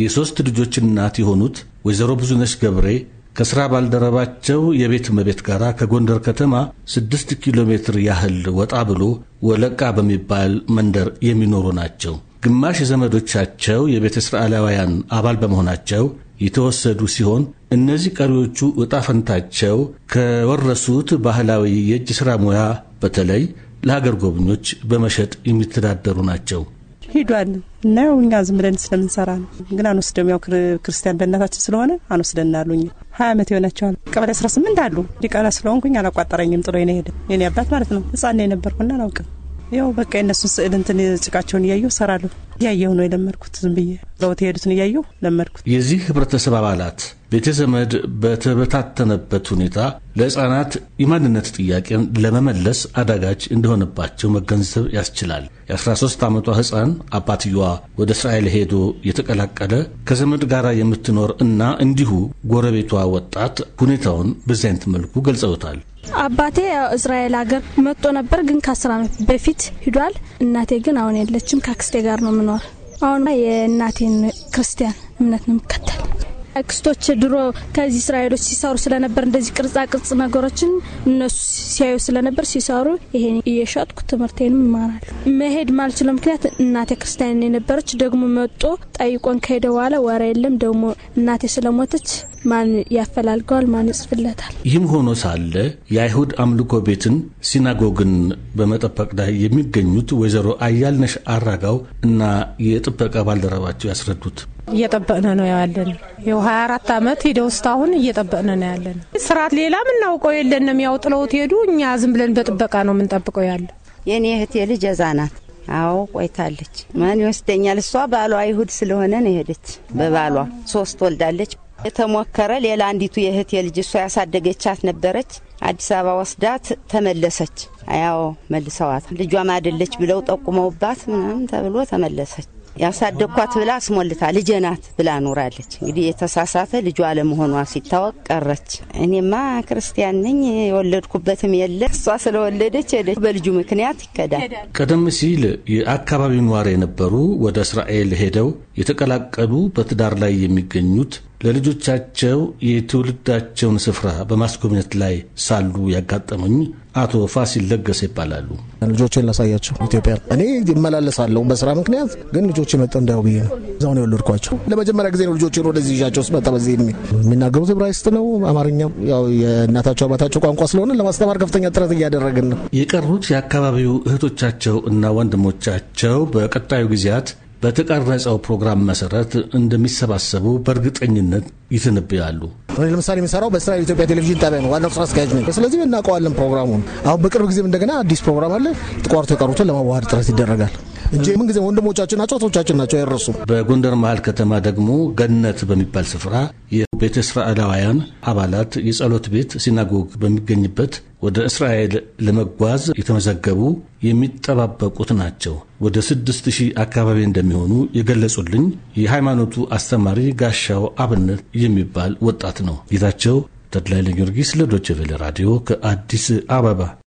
የሦስት ልጆች እናት የሆኑት ወይዘሮ ብዙነሽ ገብሬ ከሥራ ባልደረባቸው የቤት መቤት ጋር ከጎንደር ከተማ ስድስት ኪሎ ሜትር ያህል ወጣ ብሎ ወለቃ በሚባል መንደር የሚኖሩ ናቸው። ግማሽ የዘመዶቻቸው የቤተ እስራኤላውያን አባል በመሆናቸው የተወሰዱ ሲሆን እነዚህ ቀሪዎቹ ዕጣ ፈንታቸው ከወረሱት ባህላዊ የእጅ ሥራ ሙያ በተለይ ለሀገር ጎብኞች በመሸጥ የሚተዳደሩ ናቸው። ሂዷል እና ያው እኛ ዝም ብለን ስለምንሰራ ነው። ግን አንወስደም፣ ያው ክርስቲያን በእናታችን ስለሆነ አንወስደን አሉኝ። ሀያ ዓመት የሆናቸዋል። ቀበሌ አስራ ስምንት አሉ። ዲቃላ ስለሆንኩኝ አላቋጠረኝም። ጥሎ ነው ሄደ። የኔ አባት ማለት ነው። ህጻን የነበርኩና አላውቅም። ያው በቃ የእነሱን ስዕል እንትን ጭቃቸውን እያየሁ እሰራለሁ። እያየሁ ነው የለመድኩት። ዝም ብዬ ዘውት የሄዱትን እያየሁ ለመድኩት። የዚህ ህብረተሰብ አባላት ቤተዘመድ በተበታተነበት ሁኔታ ለህፃናት የማንነት ጥያቄን ለመመለስ አዳጋጅ እንደሆነባቸው መገንዘብ ያስችላል። የ13 ዓመቷ ህፃን አባትየዋ ወደ እስራኤል ሄዶ የተቀላቀለ ከዘመድ ጋር የምትኖር እና እንዲሁ ጎረቤቷ ወጣት ሁኔታውን በዚህ አይነት መልኩ ገልጸውታል። አባቴ እስራኤል ሀገር መጥቶ ነበር፣ ግን ከአስር ዓመት በፊት ሂዷል። እናቴ ግን አሁን የለችም። ከአክስቴ ጋር ነው ምኖር። አሁን የእናቴን ክርስቲያን እምነት ነው የምከተል። አክስቶች ድሮ ከዚህ እስራኤሎች ሲሰሩ ስለነበር እንደዚህ ቅርጻ ቅርጽ ነገሮችን እነሱ ሲያዩ ስለነበር ሲሰሩ ይሄን እየሸጥኩ ትምህርቴንም ይማራሉ። መሄድ ማልችለው ምክንያት እናቴ ክርስቲያን የነበረች ደግሞ መጦ ጠይቆን ከሄደ በኋላ ወረ የለም ደግሞ እናቴ ስለሞተች ማን ያፈላልገዋል? ማን ይጽፍለታል? ይህም ሆኖ ሳለ የአይሁድ አምልኮ ቤትን ሲናጎግን በመጠበቅ ላይ የሚገኙት ወይዘሮ አያልነሽ አራጋው እና የጥበቃ ባልደረባቸው ያስረዱት እየጠበቅነ ነው ያለን የው 24 ዓመት ሂደው አሁን እየጠበቅነ ነው ያለን ስርዓት ሌላ ምናውቀው የለንም። ያው ጥለውት ሄዱ። እኛ ዝም ብለን በጥበቃ ነው የምንጠብቀው ያለ የእኔ እህቴ ልጅ እዛ ናት። አዎ ቆይታለች። ማን ይወስደኛል? እሷ ባሏ አይሁድ ስለሆነ ነው የሄደች። በባሏ ሶስት ወልዳለች። የተሞከረ ሌላ አንዲቱ የእህት የልጅ እሷ ያሳደገቻት ነበረች። አዲስ አበባ ወስዳት ተመለሰች። ያው መልሰዋት ልጇም አይደለች ብለው ጠቁመውባት ምናምን ተብሎ ተመለሰች። ያሳደግኳት ብላ አስሞልታ ልጄ ናት ብላ ኖራለች። እንግዲህ የተሳሳተ ልጇ አለመሆኗ ሲታወቅ ቀረች። እኔማ ክርስቲያን ነኝ የወለድኩበትም የለ እሷ ስለወለደች ሄደች። በልጁ ምክንያት ይከዳል። ቀደም ሲል የአካባቢው ነዋሪ የነበሩ ወደ እስራኤል ሄደው የተቀላቀሉ በትዳር ላይ የሚገኙት ለልጆቻቸው የትውልዳቸውን ስፍራ በማስጎብኘት ላይ ሳሉ ያጋጠሙኝ አቶ ፋሲል ለገሰ ይባላሉ። ልጆቼን ላሳያቸው ኢትዮጵያ። እኔ ይመላለሳለሁ በስራ ምክንያት፣ ግን ልጆቼ መጠ እንዳው ብዬ ነው እዛው ነው የወለድኳቸው። ለመጀመሪያ ጊዜ ነው ልጆቼን ወደዚህ ይዣቸው ስመጣ። በዚህ የሚናገሩት ዕብራይስጥ ነው። አማርኛ ያው የእናታቸው አባታቸው ቋንቋ ስለሆነ ለማስተማር ከፍተኛ ጥረት እያደረግን ነው። የቀሩት የአካባቢው እህቶቻቸው እና ወንድሞቻቸው በቀጣዩ ጊዜያት በተቀረጸው ፕሮግራም መሰረት እንደሚሰባሰቡ በእርግጠኝነት ይትንብያሉ። እኔ ለምሳሌ የሚሰራው በእስራኤል ኢትዮጵያ ቴሌቪዥን ጣቢያ ነው፣ ዋናው ስራ አስኪያጅ ነኝ። ስለዚህ እናውቀዋለን ፕሮግራሙን። አሁን በቅርብ ጊዜም እንደገና አዲስ ፕሮግራም አለ። ተቋርጦ የቀሩትን ለማዋሃድ ጥረት ይደረጋል እንጂ ምንጊዜ ወንድሞቻችን ናቸው፣ እህቶቻችን ናቸው አይረሱም። በጎንደር መሀል ከተማ ደግሞ ገነት በሚባል ስፍራ የቤተ እስራኤላውያን አባላት የጸሎት ቤት ሲናጎግ በሚገኝበት ወደ እስራኤል ለመጓዝ የተመዘገቡ የሚጠባበቁት ናቸው። ወደ ስድስት ሺህ አካባቢ እንደሚሆኑ የገለጹልኝ የሃይማኖቱ አስተማሪ ጋሻው አብነት የሚባል ወጣት ነው። ጌታቸው ተድላይ ለጊዮርጊስ ለዶችቬለ ራዲዮ ከአዲስ አበባ